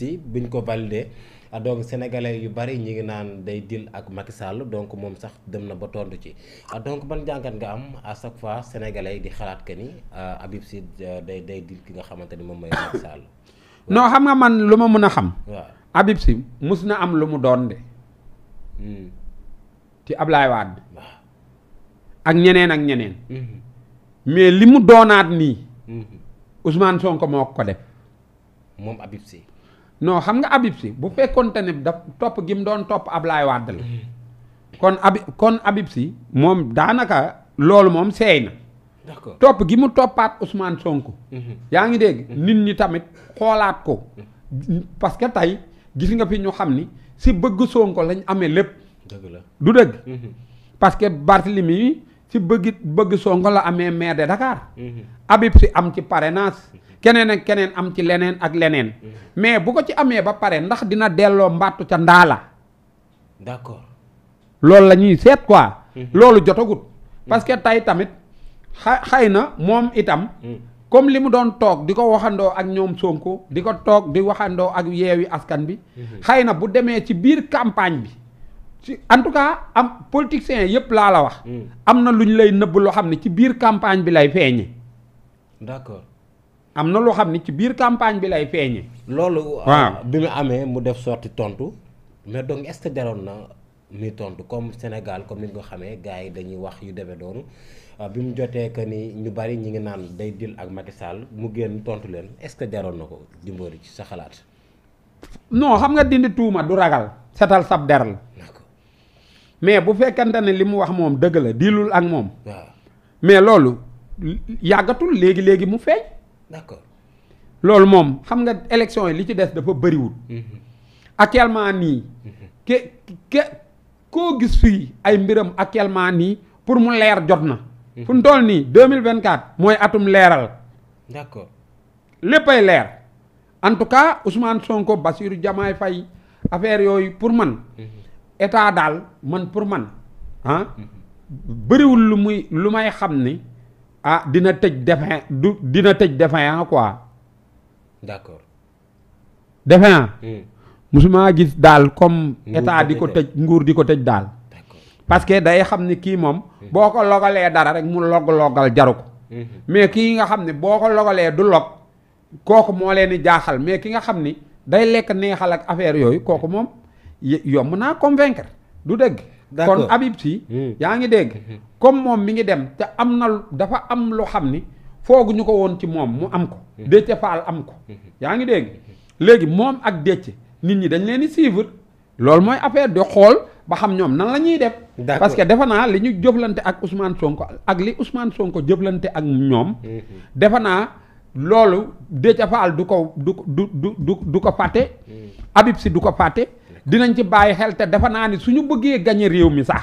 si buñ ko validé ah, donc sénégalais yu bari ñu ngi naan day dil ak Macky Sall donc moom sax dem na ba tontu ci ah, donc ban jàngat nga am a chaque fois sénégalais yi di xalaat que ni ah, Habib Sy euh, day day dil ki nga xamante ni moom mooy a Sall. non xam nga man lu ma mën a xam. waaw Habib Sy mus na am lu mu doon de. Hmm. ci Ablaye Wade. ak ñeneen ak ñeneen. Hmm. mais li mu doonaat nii. Hmm. Ousmane Sonko moo ko def. moom Habib Sy. non xam nga Habib si bu fekkonte ne daf topp gi mu doon topp Ablaye Wade la kon Habib kon Habib si moom daanaka loolu moom seey na. d'accord topp gi mu toppaat Ousmane Sonko. Mhm. yaa ngi dégg mhm. nit ñi tamit xoolaat ko. parce que tey gis nga fi ñu xam ni si bëgg Sonko lañ amee lépp. la du dëgg. Mhm. parce que Barthélemy ci bëgg bëgg Sonko la amee maire de Dakar. Mhm. Habib Sy am ci parrainage. Mhm. keneen keneen am ci leneen ak leneen. Mhm. mais bu ko ci amee ba pare ndax dina delloo mbàttu ca ndaala. d'accord loolu la ñuy seet quoi. loolu jotagut. parce que tey tamit xa xay na moom itam. comme li mu doon toog di ko waxandoo ak ñoom Sonko di ko toog di waxandoo ak yeewi askan bi. xëy na bu demee ci biir campagne bi. ci en tout cas am politiciens yëpp laa la wax. Hmm. am na lu ñu lay nëbb loo xam ne ci biir campagne bi lay feeñe d'accord am na loo xam ne ci biir campagne bi lay feeñe loolu. Ah, waaw bi mu amee mu def sorti tontu. mais donc est-ce que na muy tontu comme Sénégal comme ni nga ko xamee gars yi dañuy wax yu demee doonu ah, bi mu jotee que ni ñu bari ñi ngi naan day dil ak Macky Sall mu génn tontu leen est-ce que jaroon na ko Jimbori ci sa xalaat. noo xam nga dindi tuuma du ragal setal sab der la mais bu fekkante ne li mu wax moom dëgg la diilul ak moom. mais loolu yàggatul léegi léegi mu feeñ. d'accord loolu moom xam nga élection yi li ci des dafa bëriwul. Mm-hmm. actuellement nii. Mm-hmm. ke ke koo gis fii ay mbiram actuellement nii pour mu leer jot na. Mm-hmm. fu mu nii deux mille vingt quatre mooy atum leeral. d'accord léppay leer en tout cas Ousmane Sonko Bassirou Diomaye Faye affaire yooyu pour man. état daal man pour man ah bëriwul lu muy lu may xam ni ah dina tëj défaillant du dina tëj défaillant ah, quoi. d'accord. défaillant. Hmm. musuma gis daal comme. état di ko tëj nguur di ko tëj daal. parce que day xam ni kii moom. Hmm. boo ko logalee dara rek mu log logal jaru ko. Hmm. mais kii nga xam ne boo ko logalee du log kooku moo leen di jaaxal mais ki nga xam ni day lekk neexal ak affaire yooyu kooku moom. yomb naa convaincre du dégg kon Habib Sy hmm. yaa ngi dégg hmm. comme moom mi ngi dem te am na dafa am loo xam ni fooguñu ko woon ci moom mu am ko hmm. Déthié Fall am ko yaa ngi dégg léegi moom ak Déthié nit ñi dañ leen di suivre loolu mooy affaire de xool ba xam ñoom nan la ñuy def parce que defe naa li ñu jëflante ak Ousmane Sonko ak li Ousmane Sonko jëflante ak ñoom defe naa loolu Déthié Fall du ko du du du du ko fàtte Habib Sy du ko fàtte dinañ ci bàyyi xel te dafa naa ni suñu bëggee gañe réew mi sax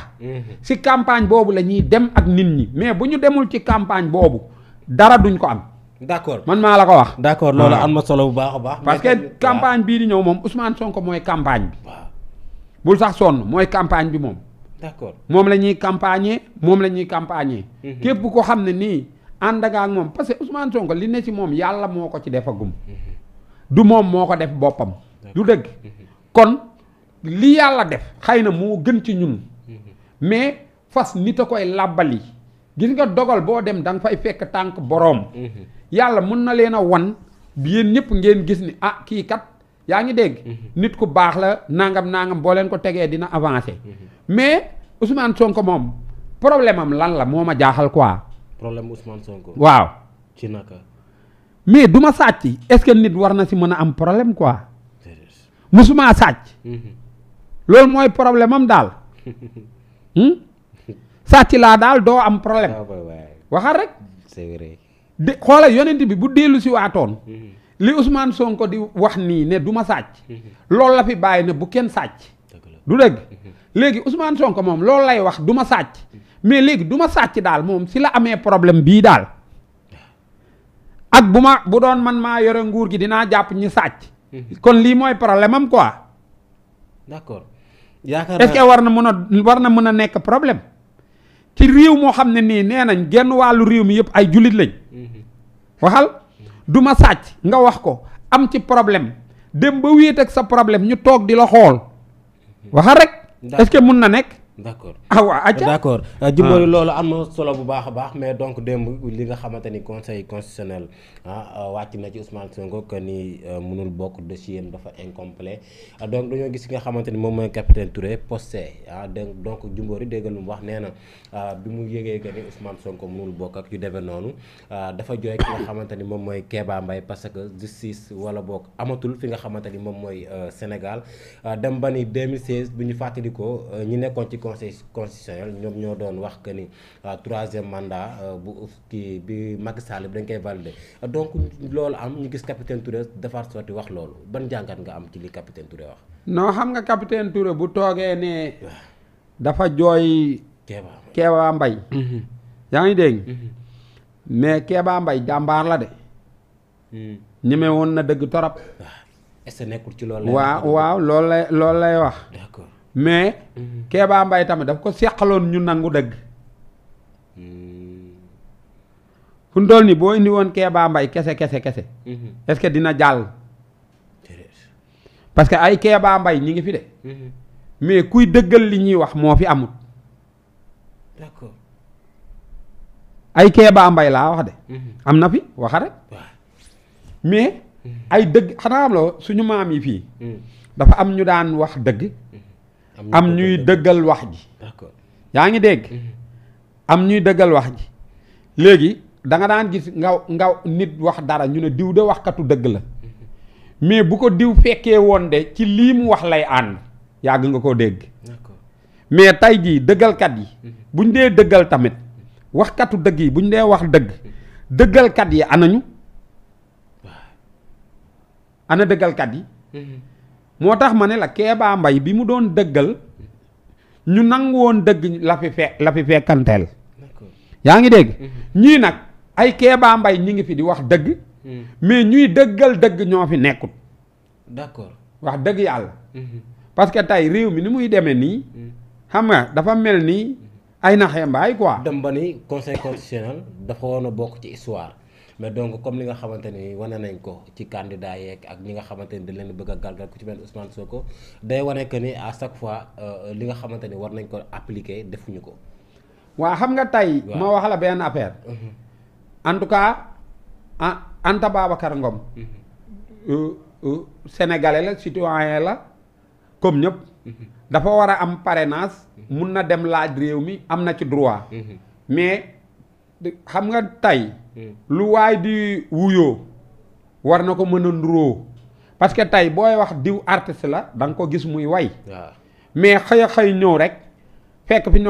si mhm. campagne boobu la ñuy dem ak nit ñi mais bu ñu demul ci campagne boobu dara duñ ko am d' accord man maa la ko wax d' accord loolu am na solo bu baax a baax parce que campagne bii di ñëw moom Ousmane Sonko mooy campagne bi bul sax sonn mooy campagne bi moom d' moom la ñuy campagner moom la ñuy campagner mhm. képp ko xam ne nii ànd nga ak moom parce que Ousmane Sonko li ne si moom yàlla moo ko ci defagum mhm. du moom moo ko def boppam du dëgg li yàlla def xëy na moo gën ci ñun mais fas nit a koy làbbali gis nga dogal boo dem da nga fay fekk tànk boroom yàlla mun na leen a wan yéen ñëpp ngeen gis ni ah kii kat yaa ngi dégg nit ku baax la nangam naangam boo leen ko tegee dina avancé mais Ousmane Sonko moom problème am lan la moo ma jaaxal quoi problème Ousmane Sonko waaw ci naka mais du ma sàcc est-ce que nit war na si mën a am problème quoi musuma sàcc mhm. loolu mooy problème am daal sàcc hmm? laa daal doo am problème ah, waxal rek c'est vrai de xoola yonent bi bu dellu si waatoon hmm. li Ousmane Sonko di wax nii ne duma sàcc hmm. loolu la fi bàyyi ne bu kenn sàcc du dëgg léegi Ousmane Sonko moom loolu lay wax du ma sàcc mais léegi du ma sàcc daal moom si la amee problème bii daal ak bu ma bu doon man maa yore nguur gi dinaa jàpp ñi sàcc kon lii mooy problème am quoi d'accord yaakaar est war na mën a war na mën a nekk problème ci réew moo xam ne nii nee nañ genn wàllu réew mi yëpp ay jullit lañ. Mhm. waxal du sàcc nga wax ko am ci problème dem ba wéet ak sa problème ñu toog di la xool mhm. waxal rek. est mun na nekk. d' accord ah waa euh, ah. loolu am na solo bu baax a baax mais donc démb li nga xamante ni conseil constitutionnel ah euh, wàcc na ci Ousmane Sonko que ni euh, mënul bokk dossier am dafa incomplet donc dañoo gis ki nga xamante ni moom mooy capitaine Touré posté ah donc Jimbori déggal mu wax nee na ah, bi mu yëgee que ni Ousmane Sonko mënul bokk ak yu demee noonu ah, dafa jooy ki xamante ni moom mooy Kéba Mbaye parce que justice wala bokk amatul fi nga xamante ni moom mooy Sénégal dem ba ni 2016 bu ñu fàttalikoo ñi nekkoon ci. conseil constitutionnel ñoom ñoo doon wax que ni euh, troisième mandat euh, bu kii bi Macky Sall bi dañ koy valider donc loolu am ñu gis capitaine Touré dafa sotti wax loolu ban jàngat nga am ci li capitaine Touré wax. non xam nga capitaine Touré bu toogee ne. dafa jooy. Kéba Kéba Mbaye. Mm-hmm. yaa ngi dégg. Mm-hmm. mais Kéba Mbaye jàmbaar la de. Mm. ñeme woon na dëgg torop. est ci loolu. waaw waaw loolu lay loolu lay wax. mais keebaa mbay tamit daf ko seqaloon ñu nangu dëgg hmm. fu mu toll nii boo indi woon Kéba Mbaye kese kese kese hmm. est-ce que dina jàll parce que ay Kéba mbay ñi ngi fi de hmm. mais kuy dëggal li ñuy wax moo fi amut d'accord ay Kéba Mbaye laa wax de am na fi waxa rek mais ay dëgg xanaa am la suñu maam yi fii dafa am ñu daan wax dëgg am ñuy dëggal wax ji. yaa ngi dégg. Mm-hmm. am ñuy dëggal wax ji. léegi danga nga daan gis nga nga nit wax dara ñu ne diw de waxkatu dëgg la mm-hmm. mais bu ko diw fekkee woon de ci lii mu wax lay ànd yàgg nga ko dégg. mais tey jii dëggalkat yi mm-hmm. buñ dee dëggal tamit waxkatu dëgg yi buñ dee wax dëgg dëggalkat yi anañu ana dëggalkat yi. moo tax ma ne la Kéba mbay bi mu doon dëggal ñu nangu woon dëgg la fi fekkanteel yaa ngi dégg mhm. ñii nag ay Kéba Mbaye ñi ngi fi di wax dëgg mhm. mais ñuy dëggal dëgg ñoo fi nekkut d'accord wax dëgg yàlla mhm. parce que tey réew mi ni muy demee nii xam nga dafa mel ni ay naxee mbaay quoi dem ba ni dafa waroon a bokk ci histoire mais donc comme li nga xamante ni wane nañ ko ci candidat yeeg ak ñi nga xamante ni dañ leen bëgg a galgal ku ci mel Ousmane Sonko day wane que ni à chaque fois euh, li nga xamante ni war nañ ko appliquer defuñu ko. waa xam nga tey. ma wax la benn affaire. Mhm. en tout cas ah, Anta Babacar Ngom. Mhm. Euh, euh, sénégalais la citoyen la comme ñëpp. Mhm. dafa war a am parrainage. mun na dem laaj réew mi am na ci droit. mais. xam nga tey. Hmm. lu waay di wuyoo war na ko mën a nduróo parce que tey booy wax diw artiste la da nga ko gis muy way. mais xëy xëy ñëw rek fekk fi